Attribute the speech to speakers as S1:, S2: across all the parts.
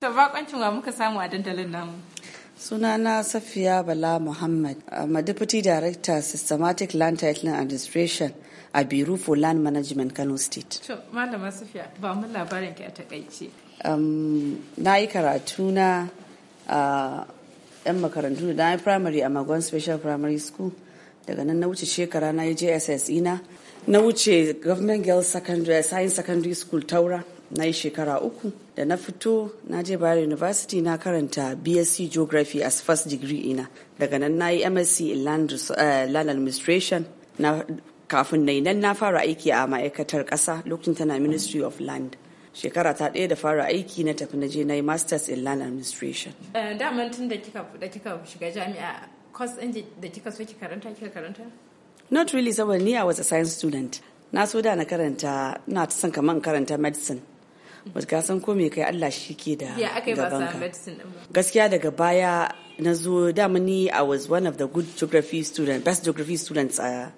S1: Tabbakancin wa muka samu a dandalin namu.
S2: Sunana Safiya Bala Muhammad, a uh, Deputy Director, Systematic Land Titling Administration a Biru for Land Management Kano State.
S1: To, Malama Safiya, ba mu labarin ki a takaice.
S2: Um, na yi karatu na a uh, yan makarantu da yi primary a Magon Special Primary School. Daga nan na wuce shekara na yi JSS ina. E na wuce Government Girls Secondary, Science Secondary School Taura na yi shekara uku da na fito na je bayar university na karanta bsc geography as first degree ina daga nan na yi msc in land, uh, land administration na kafin na nan na fara aiki a ma'aikatar ƙasa lokacin tana ministry of land shekara ta ɗaya da fara aiki na tafi na je na yi masters in land administration
S1: eh, daman tun da kika shiga jami'a course ɗin da kika so ki karanta kika karanta
S2: not really saboda ni i was a science student na so da na karanta na son kaman karanta medicine ba ka san ko me kai Allah shi ke da gaban ka gaskiya daga baya na zo dama ni I was one of the good geography student best geography students a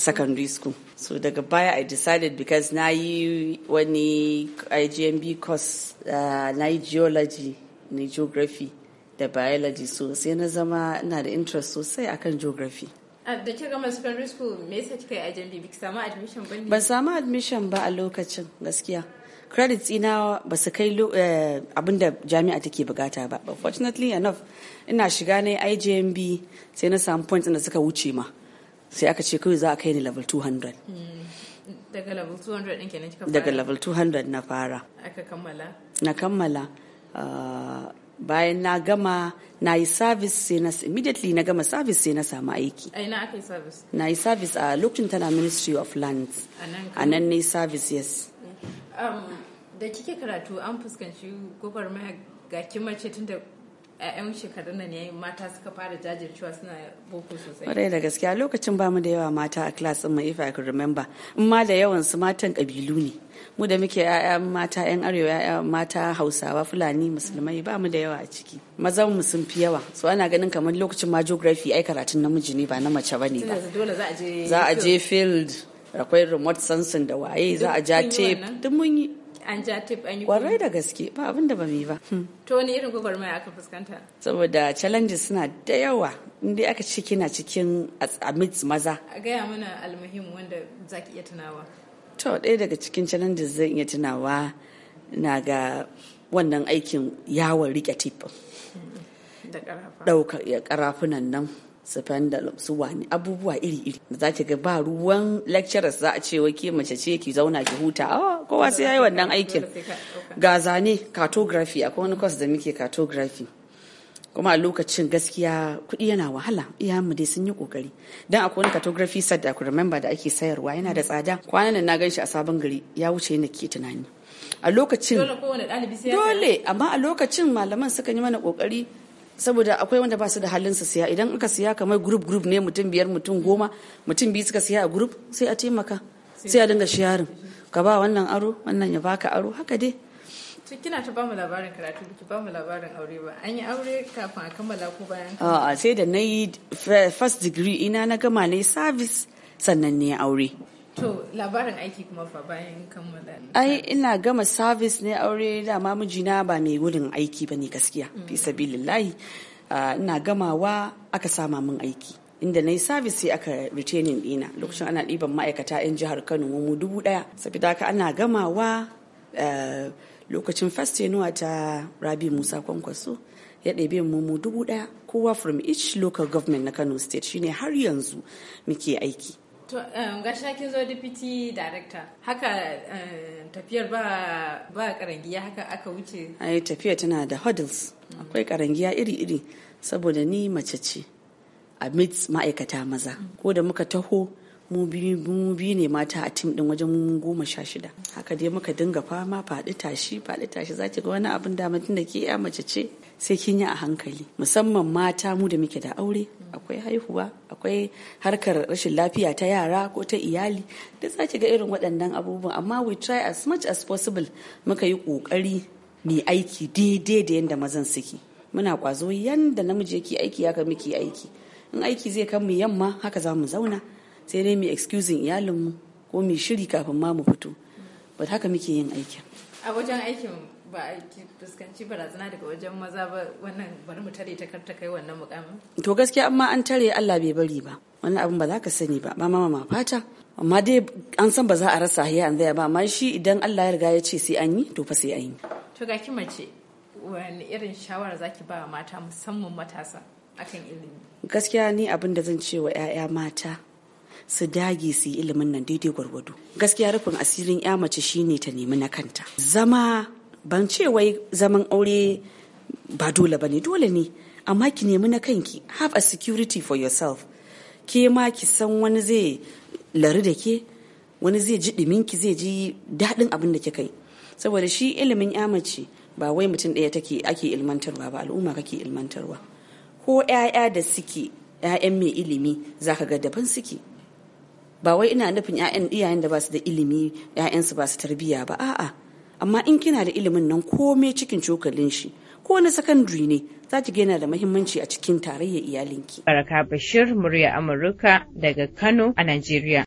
S2: secondary school, so daga baya I decided because na yi wani IGMB course uh, na yi geology ne geography da biology so sai na zama ina da interest sosai akan geography
S1: da ke gama secondary school me yasa kika yi IGMB biki samu admission ba ban
S2: samu admission ba a lokacin gaskiya credit ina ba su kai eh, abin da jami'a take bukata ba but fortunately enough ina shiga na IJMB sai na samu points da suka wuce ma sai aka ce kawai za a kai ni level 200 hmm.
S1: daga level 200 ɗin kenan kika fara daga level
S2: 200 na fara
S1: aka kammala
S2: na kammala ah, bayan na gama na yi service sai na immediately na gama service sai na samu aiki
S1: ai na aka yi service
S2: na yi service a lokacin tana ministry of lands a nan ne service yes
S1: Um, da kike karatu an fuskanci gwagwarmaya ga mace tun da 'yan shekarun nan ne mata suka fara jajircewa suna
S2: boko sosai. wadai da gaskiya lokacin ba mu da yawa mata a class din if I can remember. In ma da yawan su matan kabilu ne. Mu da muke 'ya'ya mata 'yan arewa 'ya'ya mata Hausawa Fulani Musulmai ba mu da yawa a ciki. Mazan mu sun fi yawa. So ana ganin kamar lokacin ma geography ai karatun namiji ne ba na mace bane ba. Za a je field. akwai remote sensing da waye za a ja tape
S1: duk mun yi an ja tape an yi kwarai
S2: da gaske ba abin da ba mu yi ba hmm.
S1: to wani irin mai aka fuskanta
S2: saboda challenges suna da yawa inda aka ce kina cikin amidst maza
S1: a gaya mana almuhim wanda za ki iya tunawa
S2: to ɗaya daga cikin challenges zan iya tunawa na ga wannan aikin yawon rike tip
S1: hmm. ɗaukar
S2: karafunan nan su su wani abubuwa iri-iri da za ki ga ba ruwan lecturers za a ce wake ke mace ce ki zauna ki huta a kowa sai ya yi wannan aikin ga zane cartography akwai wani course da muke cartography kuma a lokacin gaskiya kuɗi yana wahala mu dai sun yi kokari dan akwai wani cartography set da ku remember da ake sayarwa yana da tsada kwanan nan na gan shi a sabon gari ya wuce yana ke tunani a lokacin dole amma a lokacin malaman suka yi mana kokari saboda akwai wanda ba su da halin su siya idan aka siya kamar group group ne mutum biyar mutum goma mutum biyu suka siya a group sai a taimaka sai a dinga sharing ka ba wannan aro wannan ya baka aro haka dai
S1: kina ta bamu labarin karatu ki bamu labarin aure ba an yi aure kafin a kammala ko bayan
S2: a sai da na yi eh, first degree ina na gama ne service sannan ne aure
S1: To labarin aiki kuma fa bayan kammala.
S2: Ai ina gama service ne aure dama mijina ba mai gudun aiki ba ne gaskiya. Fi mm. sabilillahi ah, ina gamawa aka sama min aiki. inda na yi service sai aka retaining dina lokacin ana ɗiban ma'aikata 'yan jihar kano mu dubu ɗaya saboda haka ana gamawa eh, lokacin first yenuwa ta rabi musa kwankwaso ya ɗebe mu dubu ɗaya kowa from each local government na kano state shine har yanzu muke aiki
S1: To, um, gashi kin zo deputy director. Haka um, tafiyar ba ba karangiya haka aka wuce.
S2: Ai tafiya tana da hurdles. Mm Akwai karangiya iri-iri saboda ni mace ce a ma'aikata maza. Mm Ko da muka taho mu biyu ne mata a tim din wajen mun goma sha shida haka dai muka dinga fama faɗi tashi faɗi tashi za ki ga wani abin da mutum da ke ya mace ce sai kin yi a hankali musamman mata mu da muke da aure akwai haihuwa akwai harkar rashin lafiya ta yara ko ta iyali duk za ki ga irin waɗannan abubuwan amma we try as much as possible muka yi ƙoƙari mai aiki daidai da yadda mazan suke muna ƙwazo yadda namiji yake aiki ya muke aiki in aiki zai kan mu yamma haka za mu zauna sai dai mu excusing iyalinmu ko mu shiri kafin ma mu fito but haka muke yin aikin
S1: a wajen aikin ba a fuskanci barazana daga wajen maza ba wannan bari mu tare ta karta kai wannan mukamin
S2: to gaskiya amma an tare Allah bai bari ba wannan abin ba za ka sani ba ba mama fata amma dai an san ba za a rasa haya an zaya ba amma shi idan Allah ya riga ya ce sai an yi to fa sai an yi
S1: to ga ki mace wani irin shawara zaki ba mata musamman matasa akan ilimi
S2: gaskiya ni abin da zan ce wa 'ya'ya mata su dage su yi ilimin nan daidai gwargwado gaskiya rufin asirin ya mace shine ta nemi na kanta zama ban ce wai zaman aure ba dole ba ne dole ne amma ki nemi na kanki have a security for yourself ke ma ki san wani zai lari da ke wani zai ji ki zai ji daɗin abin da ke Kai saboda shi ilimin ya mace ba wai mutum ɗaya take ake ilmantarwa ba al'umma kake ilmantarwa ko 'ya'ya da suke 'ya'yan mai ilimi za ka ga daban suke ba wai ina nufin 'ya'yan iyayen da ba su da ilimi 'ya'yansu ba su tarbiyya ba a'a amma in kina da ilimin nan komai cikin cokalin shi ko na sakandare ne za ki yana da mahimmanci a cikin tarayyar iyalinki. Baraka Bashir, murya Amurka daga Kano a Najeriya.